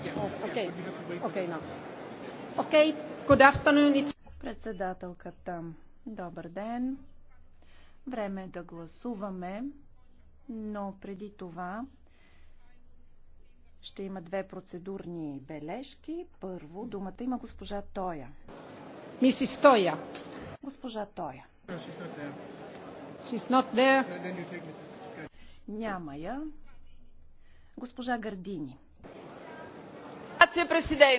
Okay. Okay, no. okay. It's... Председателката. Добър ден. Време е да гласуваме, но преди това ще има две процедурни бележки. Първо, думата има госпожа Тоя. Миси Стоя. Госпожа Тоя. Няма я. Госпожа Гардини. Grazie Presidente.